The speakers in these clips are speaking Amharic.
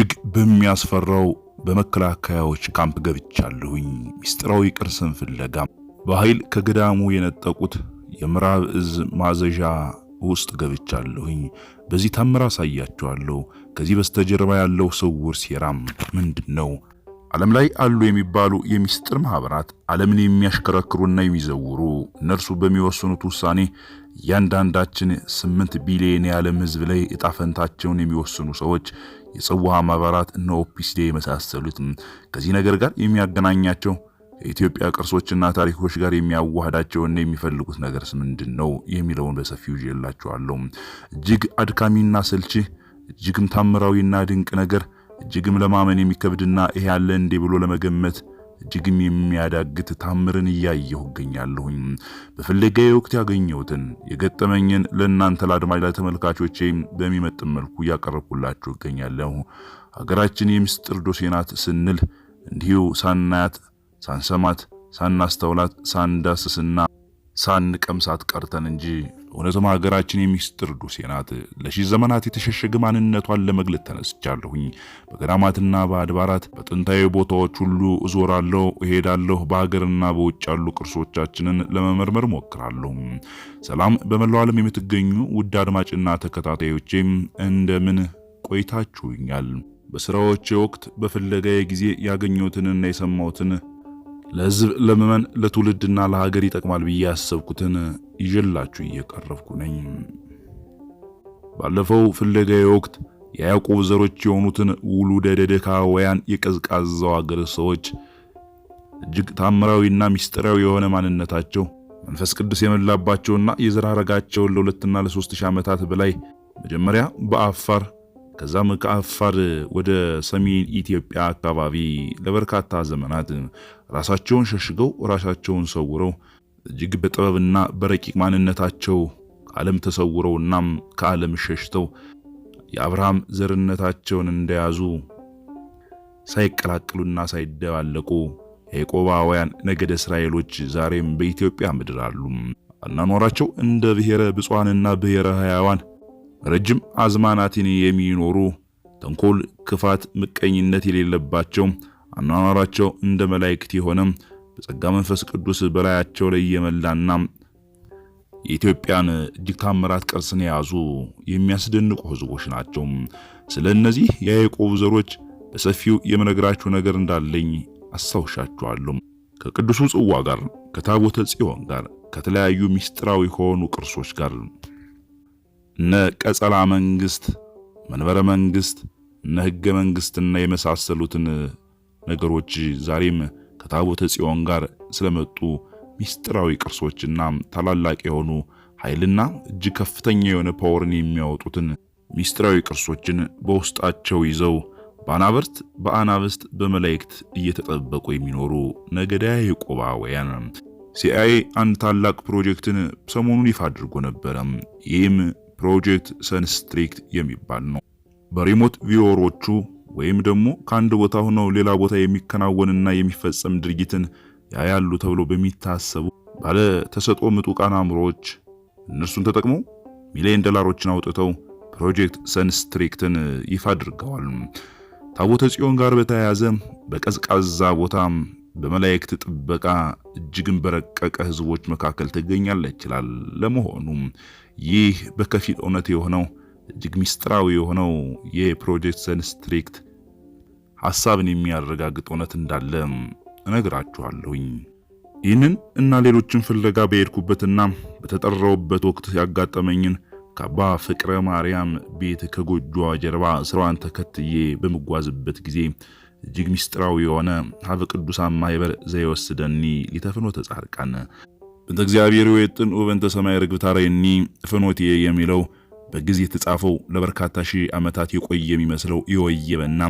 እጅግ በሚያስፈራው በመከላከያዎች ካምፕ ገብቻለሁኝ። ሚስጥራዊ ቅርስን ፍለጋ በኃይል ከገዳሙ የነጠቁት የምዕራብ እዝ ማዘዣ ውስጥ ገብቻለሁኝ። በዚህ ታምር አሳያችኋለሁ። ከዚህ በስተጀርባ ያለው ስውር ሴራም ምንድን ነው? ዓለም ላይ አሉ የሚባሉ የሚስጥር ማህበራት ዓለምን የሚያሽከረክሩና የሚዘውሩ እነርሱ በሚወስኑት ውሳኔ እያንዳንዳችን ስምንት ቢሊዮን የዓለም ህዝብ ላይ እጣፈንታቸውን የሚወስኑ ሰዎች የጽዋ ማህበራት እነ ኦፒስዴ የመሳሰሉት ከዚህ ነገር ጋር የሚያገናኛቸው ከኢትዮጵያ ቅርሶችና ታሪኮች ጋር የሚያዋህዳቸውና የሚፈልጉት ነገርስ ምንድን ነው የሚለውን በሰፊው ይዤላችኋለሁ። እጅግ አድካሚና ሰልቺ፣ እጅግም ታምራዊና ድንቅ ነገር፣ እጅግም ለማመን የሚከብድና ይሄ ያለ እንዴ ብሎ ለመገመት እጅግም የሚያዳግት ታምርን እያየሁ እገኛለሁኝ። በፍለጋዬ ወቅት ያገኘሁትን የገጠመኝን ለእናንተ ለአድማጭ ተመልካቾቼ በሚመጥን መልኩ እያቀረብኩላችሁ እገኛለሁ። ሀገራችን የምስጢር ዶሴ ናት ስንል እንዲሁ ሳናያት፣ ሳንሰማት፣ ሳናስተውላት፣ ሳንዳስስና ሳንቀምሳት ቀርተን እንጂ እውነትም ሀገራችን የሚስጥር ዱሴ ናት። ለሺህ ዘመናት የተሸሸገ ማንነቷን ለመግለጥ ተነስቻለሁኝ። በገዳማትና በአድባራት በጥንታዊ ቦታዎች ሁሉ እዞራለሁ፣ እሄዳለሁ። በሀገርና በውጭ ያሉ ቅርሶቻችንን ለመመርመር ሞክራለሁ። ሰላም በመላው ዓለም የምትገኙ ውድ አድማጭና ተከታታዮቼም እንደምን ቆይታችሁኛል? በስራዎቼ ወቅት በፍለጋዬ ጊዜ ያገኘሁትንና የሰማሁትን ለህዝብ፣ ለምመን ለትውልድና ለሀገር ይጠቅማል ብዬ ያሰብኩትን ይዤላችሁ እየቀረብኩ ነኝ። ባለፈው ፍለጋዊ ወቅት የያዕቆብ ዘሮች የሆኑትን ውሉደ ደደካውያን የቀዝቃዛው አገር ሰዎች እጅግ ታምራዊና ሚስጥራዊ የሆነ ማንነታቸው መንፈስ ቅዱስ የመላባቸውና የዘር ሐረጋቸውን ለሁለትና ለሶስት ሺህ ዓመታት በላይ መጀመሪያ በአፋር ከዛም ከአፋር ወደ ሰሜን ኢትዮጵያ አካባቢ ለበርካታ ዘመናት ራሳቸውን ሸሽገው ራሳቸውን ሰውረው እጅግ በጥበብና በረቂቅ ማንነታቸው ከዓለም ተሰውረው እናም ከዓለም ሸሽተው የአብርሃም ዘርነታቸውን እንደያዙ ሳይቀላቅሉና ሳይደባለቁ የያዕቆባውያን ነገደ እስራኤሎች ዛሬም በኢትዮጵያ ምድር አሉ። አናኗራቸው እንደ ብሔረ ብፁዓንና ብሔረ ሕያዋን ረጅም አዝማናትን የሚኖሩ ተንኮል፣ ክፋት፣ ምቀኝነት የሌለባቸው አኗኗራቸው እንደ መላእክት የሆነ በጸጋ መንፈስ ቅዱስ በላያቸው ላይ የመላና የኢትዮጵያን እጅግ ታምራት ቅርስን የያዙ የሚያስደንቁ ህዝቦች ናቸው። ስለ እነዚህ የያዕቆብ ዘሮች በሰፊው የምነግራችሁ ነገር እንዳለኝ አስታውሻችኋለሁ። ከቅዱሱ ጽዋ ጋር፣ ከታቦተ ጽዮን ጋር፣ ከተለያዩ ምስጢራዊ ከሆኑ ቅርሶች ጋር እነ ቀጸላ መንግስት፣ መንበረ መንግስት፣ እነ ህገ መንግስትና የመሳሰሉትን ነገሮች ዛሬም ከታቦተ ጽዮን ጋር ስለመጡ ሚስጥራዊ ቅርሶችና ታላላቅ የሆኑ ኃይልና እጅግ ከፍተኛ የሆነ ፓወርን የሚያወጡትን ሚስጥራዊ ቅርሶችን በውስጣቸው ይዘው በአናብርት በአናብስት በመላእክት እየተጠበቁ የሚኖሩ ነገዳያ ያዕቆባውያን ሲአይኤ አንድ ታላቅ ፕሮጀክትን ሰሞኑን ይፋ አድርጎ ነበረ። ይህም ፕሮጀክት ሰንስትሪክት የሚባል ነው። በሪሞት ቪወሮቹ ወይም ደግሞ ከአንድ ቦታ ሆነው ሌላ ቦታ የሚከናወንና የሚፈጸም ድርጊትን ያያሉ ተብሎ በሚታሰቡ ባለ ተሰጦ ምጡቃን አእምሮዎች እነርሱን ተጠቅመው ሚሊዮን ዶላሮችን አውጥተው ፕሮጀክት ሰንስትሪክትን ይፋ አድርገዋል። ታቦተ ጽዮን ጋር በተያያዘ በቀዝቃዛ ቦታ በመላእክት ጥበቃ እጅግን በረቀቀ ህዝቦች መካከል ትገኛለች ይችላል። ለመሆኑም ይህ በከፊል እውነት የሆነው እጅግ ሚስጥራዊ የሆነው የፕሮጀክት ስትሪክት ሐሳብን የሚያረጋግጥ እውነት እንዳለ እነግራችኋለሁኝ። ይህንን እና ሌሎችን ፍለጋ በሄድኩበትና በተጠራውበት ወቅት ያጋጠመኝን ከአባ ፍቅረ ማርያም ቤት ከጎጆዋ ጀርባ ስራዋን ተከትዬ በምጓዝበት ጊዜ እጅግ ሚስጥራዊ የሆነ ሀበ ቅዱሳን ማህበር ዘይወስደኒ ሊተፍኖተ ተጻርቃን በእንተ እግዚአብሔር ወየጥን ውበንተ ሰማይ ርግብታረይኒ ፍኖቴ የሚለው በጊዜ የተጻፈው ለበርካታ ሺህ ዓመታት የቆየ የሚመስለው የወየበና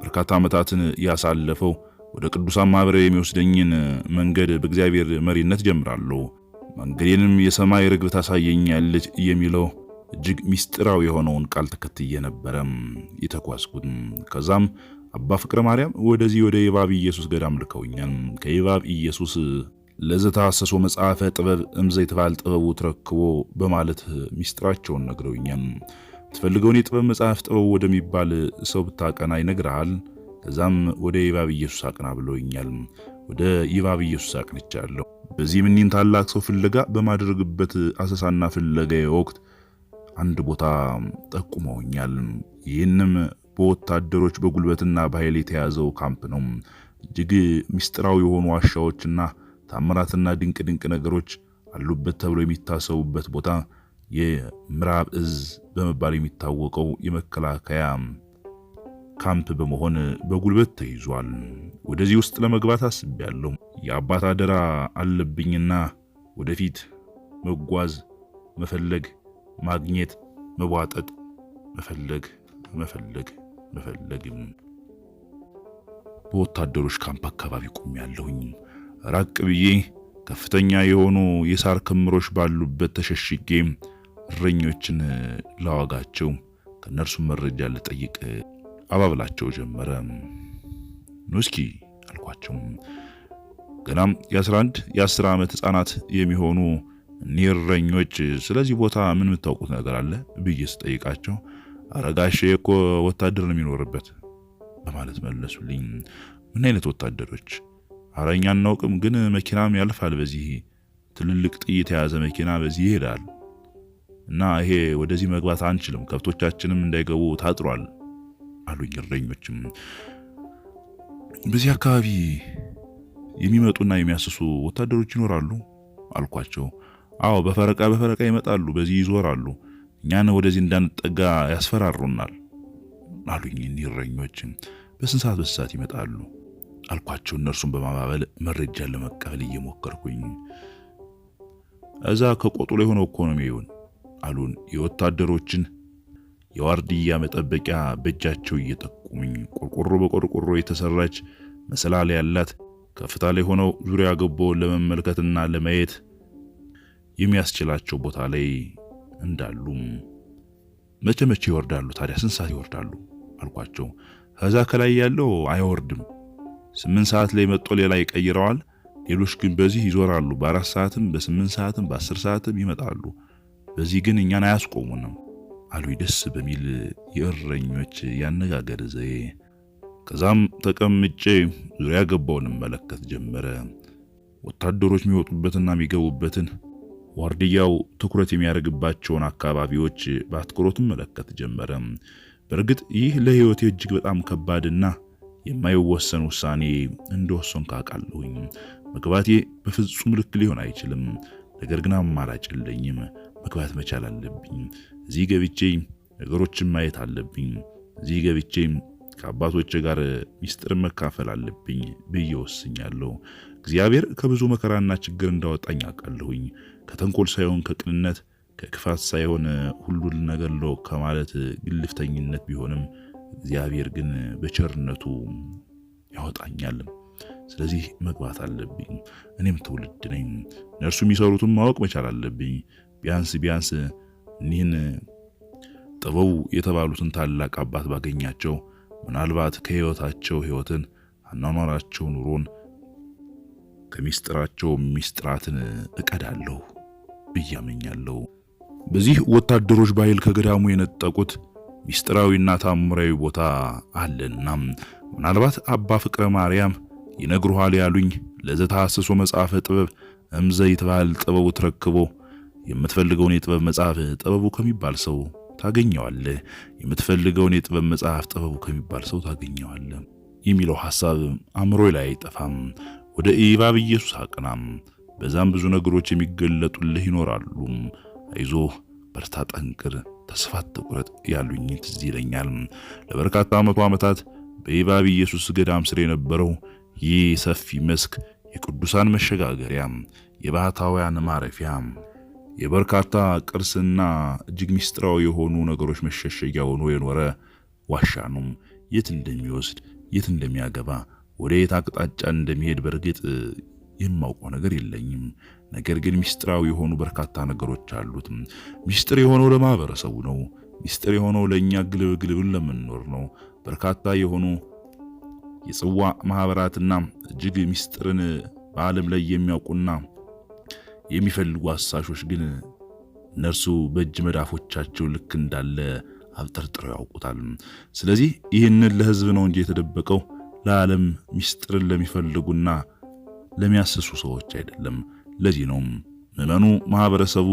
በርካታ ዓመታትን ያሳለፈው ወደ ቅዱሳን ማኅበር የሚወስደኝን መንገድ በእግዚአብሔር መሪነት ጀምራለሁ፣ መንገዴንም የሰማይ ርግብ ታሳየኛለች የሚለው እጅግ ሚስጥራዊ የሆነውን ቃል ተከትዬ ነበረም የተጓዝኩት። ከዛም አባ ፍቅረ ማርያም ወደዚህ ወደ የባብ ኢየሱስ ገዳም ልከውኛል። ከየባብ ኢየሱስ ለዘታሰሶ መጽሐፈ ጥበብ እምዘ የተባል ጥበቡ ትረክቦ በማለት ሚስጥራቸውን ነግረውኛል። ትፈልገውን የጥበብ መጽሐፍ ጥበቡ ወደሚባል ሰው ብታቀና ይነግርሃል። ከዛም ወደ ይባብ ኢየሱስ አቅና ብለውኛል። ወደ ይባብ ኢየሱስ አቅንቻለሁ። በዚህም እኒን ታላቅ ሰው ፍለጋ በማድረግበት አሰሳና ፍለጋ ወቅት አንድ ቦታ ጠቁመውኛል። ይህንም በወታደሮች በጉልበትና በኃይል የተያዘው ካምፕ ነው። እጅግ ሚስጥራዊ የሆኑ ዋሻዎችና ታምራትና ድንቅ ድንቅ ነገሮች አሉበት ተብሎ የሚታሰቡበት ቦታ የምዕራብ እዝ በመባል የሚታወቀው የመከላከያ ካምፕ በመሆን በጉልበት ተይዟል። ወደዚህ ውስጥ ለመግባት አስቤያለሁ። የአባት አደራ አለብኝና ወደፊት መጓዝ፣ መፈለግ፣ ማግኘት፣ መቧጠጥ፣ መፈለግ፣ መፈለግ፣ መፈለግም በወታደሮች ካምፕ አካባቢ ቆሜያለሁኝ። ራቅ ብዬ ከፍተኛ የሆኑ የሳር ክምሮች ባሉበት ተሸሽጌ እረኞችን ላዋጋቸው፣ ከእነርሱ መረጃ ልጠይቅ አባብላቸው ጀመረ። ኑ አልኳቸው። ገናም የ11 የ10 ዓመት ህፃናት የሚሆኑ እኒህ እረኞች ስለዚህ ቦታ ምን የምታውቁት ነገር አለ ብዬ ስጠይቃቸው አረጋሸ እኮ ወታደር ነው የሚኖርበት በማለት መለሱልኝ። ምን አይነት ወታደሮች አረኛ አናውቅም ግን መኪናም ያልፋል በዚህ ትልልቅ ጥይት የያዘ መኪና በዚህ ይሄዳል እና ይሄ ወደዚህ መግባት አንችልም፣ ከብቶቻችንም እንዳይገቡ ታጥሯል አሉኝ። እረኞችም በዚህ አካባቢ የሚመጡና የሚያስሱ ወታደሮች ይኖራሉ አልኳቸው። አዎ በፈረቃ በፈረቃ ይመጣሉ፣ በዚህ ይዞራሉ፣ እኛን ወደዚህ እንዳንጠጋ ያስፈራሩናል አሉኝ። እረኞችም በስንት ሰዓት በስንት ሰዓት ይመጣሉ አልኳቸው። እነርሱን በማባበል መረጃን ለመቀበል እየሞከርኩኝ እዛ ከቆጡ ላይ ሆኖ እኮ ነው የሚሆን አሉን። የወታደሮችን የዋርድያ መጠበቂያ በእጃቸው እየጠቁሙኝ ቆርቆሮ በቆርቆሮ የተሰራች መሰላል ያላት ከፍታ ላይ ሆነው ዙሪያ ገቦ ለመመልከትና ለማየት የሚያስችላቸው ቦታ ላይ እንዳሉ መቼ መቼ ይወርዳሉ ታዲያ? ስንት ሰዓት ይወርዳሉ አልኳቸው። ከዛ ከላይ ያለው አይወርድም ስምንት ሰዓት ላይ መጥቶ ሌላ ይቀይረዋል። ሌሎች ግን በዚህ ይዞራሉ። በአራት ሰዓትም በስምንት ሰዓትም በአስር ሰዓትም ይመጣሉ። በዚህ ግን እኛን አያስቆሙንም አሉ ደስ በሚል የእረኞች ያነጋገር ዘዬ። ከዛም ተቀምጬ ዙሪያ ገባውን መለከት ጀመረ። ወታደሮች የሚወጡበትና የሚገቡበትን ዋርድያው ትኩረት የሚያደርግባቸውን አካባቢዎች በአትኩሮትም መለከት ጀመረ። በእርግጥ ይህ ለህይወቴ እጅግ በጣም ከባድና የማይወሰን ውሳኔ እንደወሰን ካቃለሁኝ መግባቴ በፍጹም ልክ ሊሆን አይችልም። ነገር ግን አማራጭ የለኝም። መግባት መቻል አለብኝ። እዚህ ገብቼ ነገሮችን ማየት አለብኝ። እዚህ ገብቼ ከአባቶች ጋር ሚስጥር መካፈል አለብኝ ብዬ ወስኛለሁ። እግዚአብሔር ከብዙ መከራና ችግር እንዳወጣኝ አውቃለሁኝ። ከተንኮል ሳይሆን ከቅንነት፣ ከክፋት ሳይሆን ሁሉን ነገር ከማለት ግልፍተኝነት ቢሆንም እግዚአብሔር ግን በቸርነቱ ያወጣኛልም። ስለዚህ መግባት አለብኝ። እኔም ትውልድ ነኝ፣ እነርሱ የሚሰሩትን ማወቅ መቻል አለብኝ። ቢያንስ ቢያንስ እኒህን ጥበው የተባሉትን ታላቅ አባት ባገኛቸው ምናልባት ከህይወታቸው ህይወትን፣ አኗኗራቸው ኑሮን፣ ከሚስጥራቸው ሚስጥራትን እቀዳለሁ ብያመኛለሁ። በዚህ ወታደሮች ባይል ከገዳሙ የነጠቁት ሚስጥራዊና ታምራዊ ቦታ አለና ምናልባት አባ ፍቅረ ማርያም ይነግሩሃል ያሉኝ ለዘታሰሶ መጽሐፈ ጥበብ እምዘ ይትባል ጥበቡ ትረክቦ የምትፈልገውን የጥበብ መጽሐፍ ጥበቡ ከሚባል ሰው ታገኘዋለ የምትፈልገውን የጥበብ መጽሐፍ ጥበቡ ከሚባል ሰው ታገኘዋለ የሚለው ሐሳብ አእምሮ ላይ አይጠፋም። ወደ ኢባብ ኢየሱስ አቅናም። በዛም ብዙ ነገሮች የሚገለጡልህ ይኖራሉ። አይዞ፣ በርታ፣ ጠንክር። ተስፋት አትቁረጥ ያሉኝ ትዝ ይለኛል። ለበርካታ መቶ ዓመታት በኢባብ ኢየሱስ ገዳም ስር የነበረው ይህ ሰፊ መስክ የቅዱሳን መሸጋገሪያ፣ የባህታውያን ማረፊያ፣ የበርካታ ቅርስና እጅግ ምስጢራዊ የሆኑ ነገሮች መሸሸጊያ ሆኖ የኖረ ዋሻ ነው። የት እንደሚወስድ የት እንደሚያገባ ወደ የት አቅጣጫ እንደሚሄድ በእርግጥ የማውቀው ነገር የለኝም። ነገር ግን ሚስጥራዊ የሆኑ በርካታ ነገሮች አሉት። ሚስጥር የሆነው ለማህበረሰቡ ነው። ሚስጥር የሆነው ለእኛ ግልብግልብን ለምንኖር ነው። በርካታ የሆኑ የጽዋ ማህበራትና እጅግ ሚስጥርን በዓለም ላይ የሚያውቁና የሚፈልጉ አሳሾች ግን እነርሱ በእጅ መዳፎቻቸው ልክ እንዳለ አብጠርጥረው ያውቁታል። ስለዚህ ይህንን ለህዝብ ነው እንጂ የተደበቀው ለዓለም ሚስጥርን ለሚፈልጉና ለሚያስሱ ሰዎች አይደለም። ለዚህ ነው ምዕመኑ ማህበረሰቡ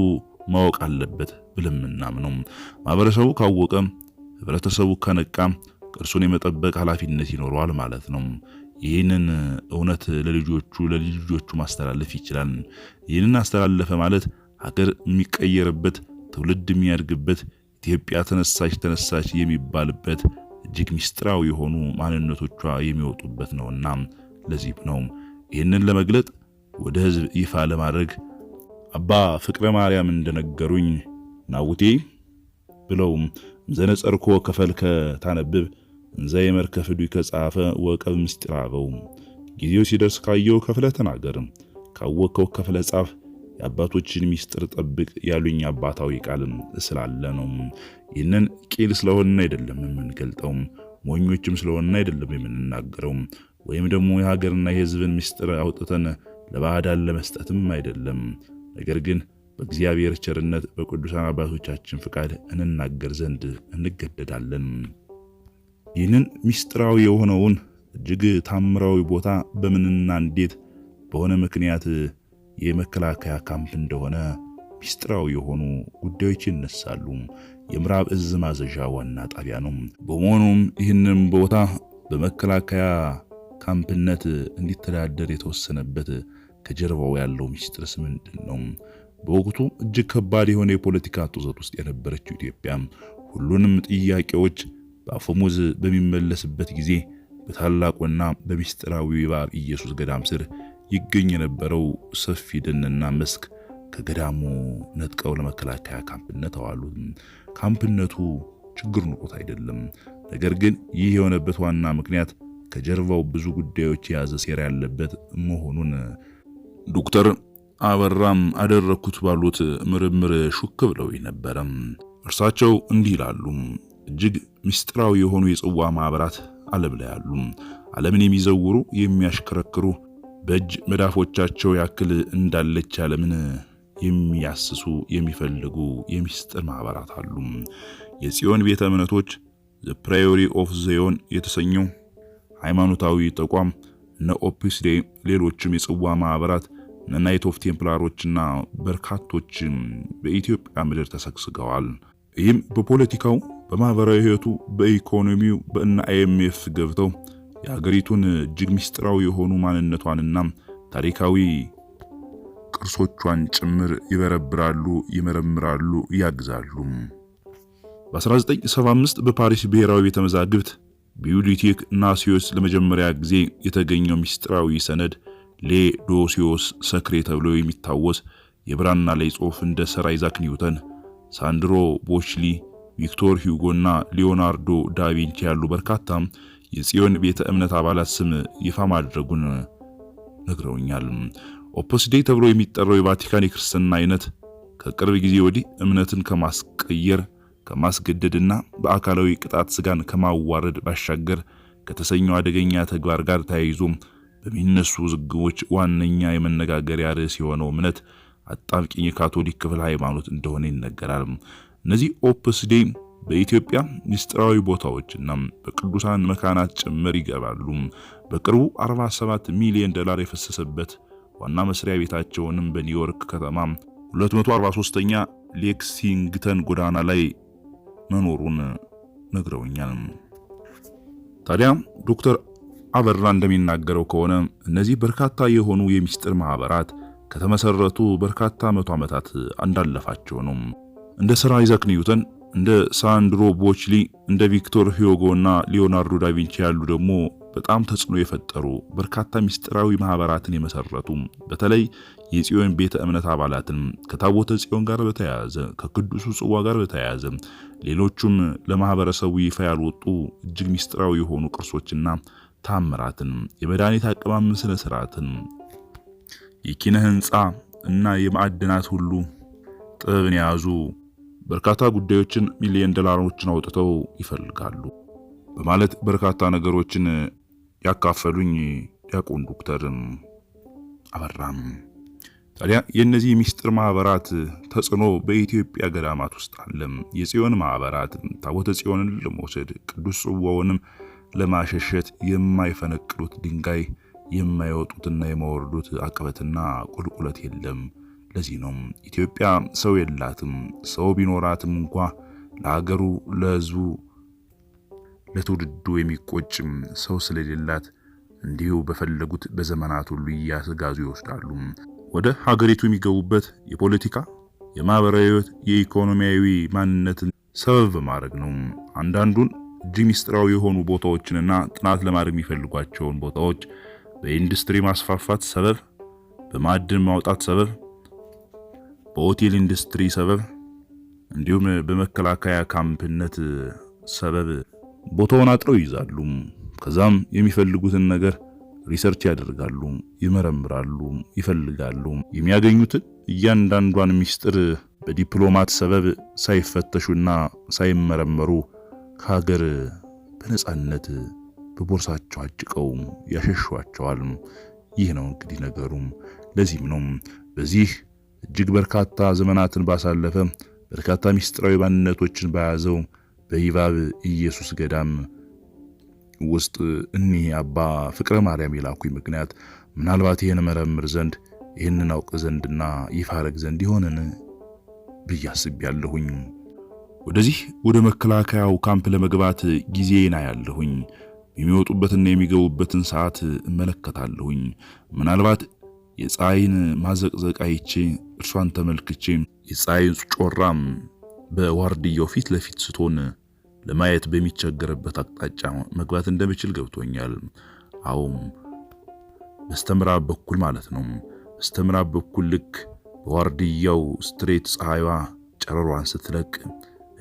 ማወቅ አለበት ብለን የምናምነው። ማህበረሰቡ ካወቀ፣ ህብረተሰቡ ከነቃ ቅርሱን የመጠበቅ ኃላፊነት ይኖረዋል ማለት ነው። ይህንን እውነት ለልጆቹ ለልጆቹ ልጆቹ ማስተላለፍ ይችላል። ይህንን አስተላለፈ ማለት ሀገር የሚቀየርበት ትውልድ የሚያድግበት ኢትዮጵያ ተነሳች ተነሳች የሚባልበት እጅግ ሚስጥራዊ የሆኑ ማንነቶቿ የሚወጡበት ነውና ለዚህ ነው ይህንን ለመግለጥ ወደ ህዝብ ይፋ ለማድረግ አባ ፍቅረ ማርያም እንደነገሩኝ ናውቴ ብለው ጸርኮ ከፈልከ ታነብብ እንዘ የመርከፍዱ ከጻፈ ወቀብ ምስጢር አበው ጊዜው ሲደርስ ካየው ከፍለ ተናገር፣ ካወቀው ከፍለ ጻፍ፣ የአባቶችን ምስጢር ጠብቅ ያሉኝ አባታዊ ቃል ስላለ ነው። ይህንን ቂል ስለሆነ አይደለም የምንገልጠው፣ ሞኞችም ስለሆነ አይደለም የምንናገረው። ወይም ደግሞ የሀገርና የሕዝብን ምስጢር አውጥተን ለባዕዳን ለመስጠትም አይደለም። ነገር ግን በእግዚአብሔር ቸርነት በቅዱሳን አባቶቻችን ፍቃድ እንናገር ዘንድ እንገደዳለን። ይህንን ምስጢራዊ የሆነውን እጅግ ታምራዊ ቦታ በምንና እንዴት በሆነ ምክንያት የመከላከያ ካምፕ እንደሆነ ሚስጥራዊ የሆኑ ጉዳዮች ይነሳሉ። የምዕራብ እዝ ማዘዣ ዋና ጣቢያ ነው። በመሆኑም ይህንን ቦታ በመከላከያ ካምፕነት እንዲተዳደር የተወሰነበት ከጀርባው ያለው ሚስጥርስ ምንድን ነው? በወቅቱ እጅግ ከባድ የሆነ የፖለቲካ ጡዘት ውስጥ የነበረችው ኢትዮጵያ ሁሉንም ጥያቄዎች በአፈሙዝ በሚመለስበት ጊዜ በታላቁና በሚስጥራዊ ባብ ኢየሱስ ገዳም ስር ይገኝ የነበረው ሰፊ ደንና መስክ ከገዳሙ ነጥቀው ለመከላከያ ካምፕነት አዋሉት። ካምፕነቱ ችግር ንቆት አይደለም። ነገር ግን ይህ የሆነበት ዋና ምክንያት ከጀርባው ብዙ ጉዳዮች የያዘ ሴራ ያለበት መሆኑን ዶክተር አበራም አደረግኩት ባሉት ምርምር ሹክ ብለው ነበረ። እርሳቸው እንዲህ ይላሉ። እጅግ ምስጢራዊ የሆኑ የጽዋ ማህበራት ዓለም ላይ አሉ። ዓለምን የሚዘውሩ የሚያሽከረክሩ በእጅ መዳፎቻቸው ያክል እንዳለች ዓለምን የሚያስሱ የሚፈልጉ የሚስጥር ማህበራት አሉ። የጽዮን ቤተ እምነቶች ዘ ፕራዮሪ ኦፍ ዘዮን የተሰኘው ሃይማኖታዊ ተቋም እነ ኦፒስ ዴይ፣ ሌሎችም የጽዋ ማህበራት እነ ናይት ኦፍ ቴምፕላሮችና በርካቶች በኢትዮጵያ ምድር ተሰግስገዋል። ይህም በፖለቲካው፣ በማህበራዊ ህይወቱ፣ በኢኮኖሚው በእነ አይኤምኤፍ ገብተው የሀገሪቱን እጅግ ምስጢራዊ የሆኑ ማንነቷንና ታሪካዊ ቅርሶቿን ጭምር ይበረብራሉ፣ ይመረምራሉ፣ ያግዛሉ። በ1975 በፓሪስ ብሔራዊ ቤተ መዛግብት ቢዩሊቲክ ናሲዮስ ለመጀመሪያ ጊዜ የተገኘው ምስጢራዊ ሰነድ ዶሲዮስ ሰክሬ ተብሎ የሚታወስ የብራና ላይ ጽሑፍ እንደ ሰር አይዛክ ኒውተን፣ ሳንድሮ ቦችሊ፣ ቪክቶር ሂውጎ እና ሊዮናርዶ ዳቪንቺ ያሉ በርካታ የጽዮን ቤተ እምነት አባላት ስም ይፋ ማድረጉን ነግረውኛል። ኦፕስ ዴይ ተብሎ የሚጠራው የቫቲካን የክርስትና አይነት ከቅርብ ጊዜ ወዲህ እምነትን ከማስቀየር ከማስገደድና በአካላዊ ቅጣት ስጋን ከማዋረድ ባሻገር ከተሰኘው አደገኛ ተግባር ጋር ተያይዞ በሚነሱ ውዝግቦች ዋነኛ የመነጋገሪያ ርዕስ የሆነው እምነት አጣብቂኝ የካቶሊክ ክፍለ ሃይማኖት እንደሆነ ይነገራል። እነዚህ ኦፕስ ዴይ በኢትዮጵያ ሚስጥራዊ ቦታዎችና በቅዱሳን መካናት ጭምር ይገባሉ። በቅርቡ 47 ሚሊዮን ዶላር የፈሰሰበት ዋና መስሪያ ቤታቸውንም በኒውዮርክ ከተማ 243ኛ ሌክሲንግተን ጎዳና ላይ መኖሩን ነግረውኛል። ታዲያ ዶክተር አበራ እንደሚናገረው ከሆነ እነዚህ በርካታ የሆኑ የሚስጥር ማህበራት ከተመሰረቱ በርካታ መቶ ዓመታት እንዳለፋቸው ነው። እንደ ሰር አይዛክ ኒውተን፣ እንደ ሳንድሮ ቦችሊ፣ እንደ ቪክቶር ሂዮጎ እና ሊዮናርዶ ዳቪንቺ ያሉ ደግሞ በጣም ተጽዕኖ የፈጠሩ በርካታ ምስጢራዊ ማህበራትን የመሰረቱ በተለይ የጽዮን ቤተ እምነት አባላትን ከታቦተ ጽዮን ጋር በተያያዘ ከቅዱሱ ጽዋ ጋር በተያያዘ ሌሎቹም ለማህበረሰቡ ይፋ ያልወጡ እጅግ ምስጢራዊ የሆኑ ቅርሶችና ታምራትን፣ የመድኃኒት አቀማመጥ ስነ ስርዓትን፣ የኪነ ህንፃ እና የማዕድናት ሁሉ ጥበብን የያዙ በርካታ ጉዳዮችን ሚሊዮን ዶላሮችን አውጥተው ይፈልጋሉ በማለት በርካታ ነገሮችን ያካፈሉኝ ዲያቆን ዶክተርም አበራም ታዲያ የእነዚህ ሚስጥር ማህበራት ተጽዕኖ በኢትዮጵያ ገዳማት ውስጥ አለም። የጽዮን ማህበራት ታቦተ ጽዮንን ለመውሰድ ቅዱስ ጽዋውንም ለማሸሸት የማይፈነቅሉት ድንጋይ የማይወጡትና የማወርዱት አቀበትና ቁልቁለት የለም። ለዚህ ነው ኢትዮጵያ ሰው የላትም። ሰው ቢኖራትም እንኳ ለሀገሩ ለህዝቡ ለትውልዱ የሚቆጭም ሰው ስለሌላት እንዲሁ በፈለጉት በዘመናት ሁሉ እያስጋዙ ይወስዳሉ። ወደ ሀገሪቱ የሚገቡበት የፖለቲካ የማህበራዊ ህይወት፣ የኢኮኖሚያዊ ማንነትን ሰበብ በማድረግ ነው። አንዳንዱን እጅግ ሚስጥራዊ የሆኑ ቦታዎችንና ጥናት ለማድረግ የሚፈልጓቸውን ቦታዎች በኢንዱስትሪ ማስፋፋት ሰበብ፣ በማዕድን ማውጣት ሰበብ፣ በሆቴል ኢንዱስትሪ ሰበብ እንዲሁም በመከላከያ ካምፕነት ሰበብ ቦታውን አጥረው ይይዛሉ። ከዛም የሚፈልጉትን ነገር ሪሰርች ያደርጋሉ፣ ይመረምራሉ፣ ይፈልጋሉ። የሚያገኙትን እያንዳንዷን ሚስጥር በዲፕሎማት ሰበብ ሳይፈተሹና ሳይመረመሩ ከሀገር በነጻነት በቦርሳቸው አጭቀው ያሸሿቸዋል። ይህ ነው እንግዲህ ነገሩ። ለዚህም ነው በዚህ እጅግ በርካታ ዘመናትን ባሳለፈ በርካታ ሚስጥራዊ ማንነቶችን በያዘው በይባብ ኢየሱስ ገዳም ውስጥ እኒህ አባ ፍቅረ ማርያም የላኩኝ ምክንያት ምናልባት ይህን መረምር ዘንድ ይህንን አውቅ ዘንድና ይፋረግ ዘንድ ይሆንን ብዬ አስቤያለሁኝ። ወደዚህ ወደ መከላከያው ካምፕ ለመግባት ጊዜና ያለሁኝ የሚወጡበትና የሚገቡበትን ሰዓት እመለከታለሁኝ። ምናልባት የፀሐይን ማዘቅዘቅ አይቼ እርሷን ተመልክቼ የፀሐይን ጮራም በዋርድያው ፊት ለፊት ስትሆን ለማየት በሚቸገርበት አቅጣጫ መግባት እንደሚችል ገብቶኛል። አዎም በስተምዕራብ በኩል ማለት ነው። በስተምዕራብ በኩል ልክ በዋርድያው ስትሬት ፀሐይዋ ጨረሯን ስትለቅ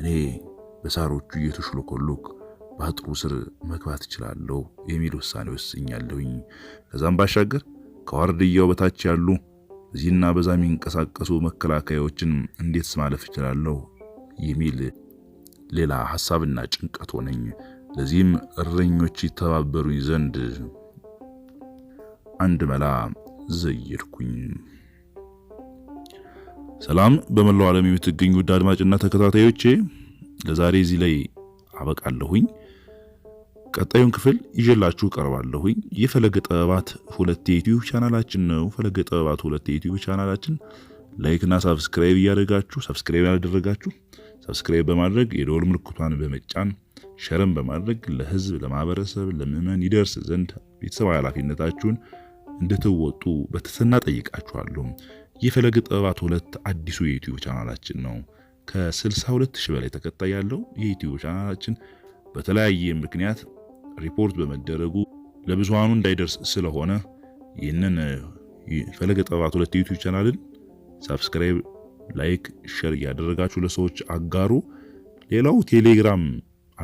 እኔ በሳሮቹ እየተሽሎኮሎክ በአጥሩ ስር መግባት እችላለሁ የሚል ውሳኔ ወስኛለሁኝ። ከዛም ባሻገር ከዋርድያው በታች ያሉ እዚህና በዛ የሚንቀሳቀሱ መከላከያዎችን እንዴትስ ማለፍ እችላለሁ የሚል ሌላ ሐሳብና ጭንቀት ሆነኝ። ለዚህም እረኞች ይተባበሩኝ ዘንድ አንድ መላ ዘየድኩኝ። ሰላም በመላው ዓለም የምትገኙ ውድ አድማጭና ተከታታዮቼ ለዛሬ እዚህ ላይ አበቃለሁኝ። ቀጣዩን ክፍል ይዤላችሁ ቀርባለሁኝ። የፈለገ ጥበባት ሁለት የዩቲዩብ ቻናላችን ነው። ፈለገ ጥበባት ሁለት የዩቲዩብ ቻናላችን ላይክና እና ሳብስክራይብ እያደረጋችሁ ሳብስክራይብ ያደረጋችሁ ሰብስክራይብ በማድረግ የደወል ምልክቷን በመጫን ሸርም በማድረግ ለህዝብ፣ ለማህበረሰብ፣ ለምዕመን ይደርስ ዘንድ ቤተሰባዊ ኃላፊነታችሁን እንድትወጡ በትህትና ጠይቃችኋለሁ። ይህ ፈለገ ጥበባት ሁለት አዲሱ የዩትዩብ ቻናላችን ነው። ከ62000 በላይ ተከታይ ያለው የዩትዩብ ቻናላችን በተለያየ ምክንያት ሪፖርት በመደረጉ ለብዙሃኑ እንዳይደርስ ስለሆነ ይህንን ፈለገ ጥበባት ሁለት ዩትዩብ ቻናልን ሳብስክራይብ ላይክ፣ ሼር እያደረጋችሁ ለሰዎች አጋሩ። ሌላው ቴሌግራም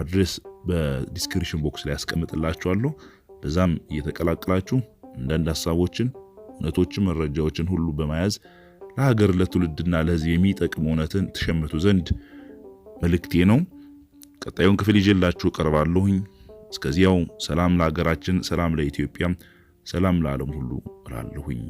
አድሬስ በዲስክሪፕሽን ቦክስ ላይ ያስቀምጥላችኋለሁ። በዛም እየተቀላቀላችሁ አንዳንድ ሀሳቦችን፣ እውነቶችን፣ መረጃዎችን ሁሉ በመያዝ ለሀገር ለትውልድና ለህዝብ የሚጠቅም እውነትን ትሸምቱ ዘንድ መልእክቴ ነው። ቀጣዩን ክፍል ይዤላችሁ ቀርባለሁኝ። እስከዚያው ሰላም ለሀገራችን፣ ሰላም ለኢትዮጵያ፣ ሰላም ለዓለም ሁሉ እላለሁኝ።